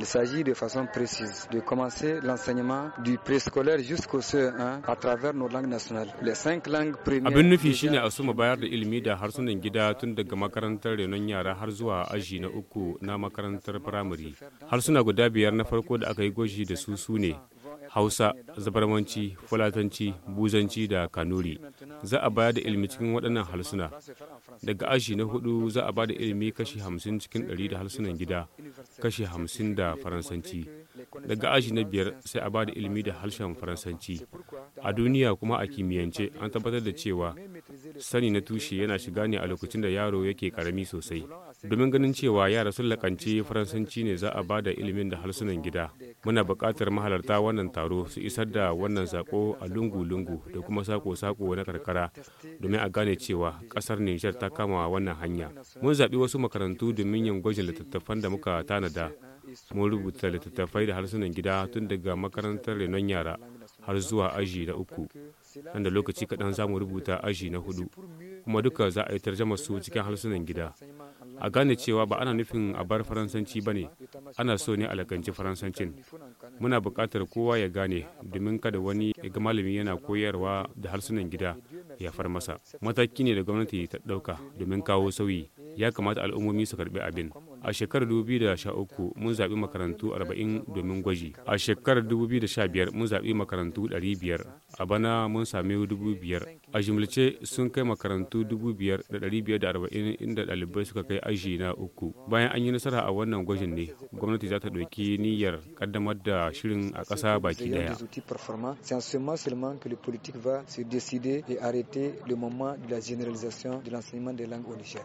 Il s'agit de façon précise de commencer l'enseignement du préscolaire jusqu'au CE1 à travers nos langues nationales. Les cinq langues premières. Abin nufi shine a suma bayar da ilimi da harsunan gida tun daga makarantar renon yara har zuwa aji na uku na makarantar firamare. Harsuna guda biyar na farko da aka yi goji da su su ne hausa zabarmanci fulatanci buzanci da kanuri za a bayar da ilimi cikin waɗannan halsuna daga ashi na hudu za a ba da ilimi kashi hamsin cikin ɗari da halsunan gida kashi hamsin da faransanci daga ashi na biyar sai a ba da ilimi da harshen faransanci a duniya kuma a kimiyyance an tabbatar da cewa sani na tushe yana shiga ne a lokacin da yaro yake karami sosai domin ganin cewa yara sun lakance faransanci ne za a ba da ilimin da harsunan gida muna buƙatar mahalarta wannan taro su isar da wannan sako a lungu-lungu da kuma sako-sako na karkara domin a gane cewa ƙasar nijar ta kama wannan hanya mun zaɓi wasu makarantu domin yin gwajin littattafan da muka tanada mun rubuta littattafai da harsunan gida tun daga makarantar renon yara har zuwa aji na uku nan da lokaci kaɗan za mu rubuta aji na hudu kuma duka za a yi tarjama su cikin harsunan gida a gane cewa ba ana nufin a bar faransanci ba ne ana so ne alakanci faransancin muna buƙatar kowa ya gane domin kada wani ga malami yana koyarwa da harsunan gida ya far masa mataki ne da gwamnati ta ɗauka domin kawo sauyi ya kamata al'ummomi su karɓi abin A shekarar 2013 mun zaɓi makarantu 40 domin gwaji. A shekarar 2015 mun zaɓi makarantu 500. A bana mun sami 5,000. A jimlice sun kai makarantu 5,540 inda ɗalibai suka kai aji na uku. Bayan an yi nasara a wannan gwajin ne, gwamnati za ta ɗauki niyyar ƙaddamar da shirin a ƙasa baki ɗaya. le politique va se décider et arrêter le moment de la généralisation de l'enseignement des langues au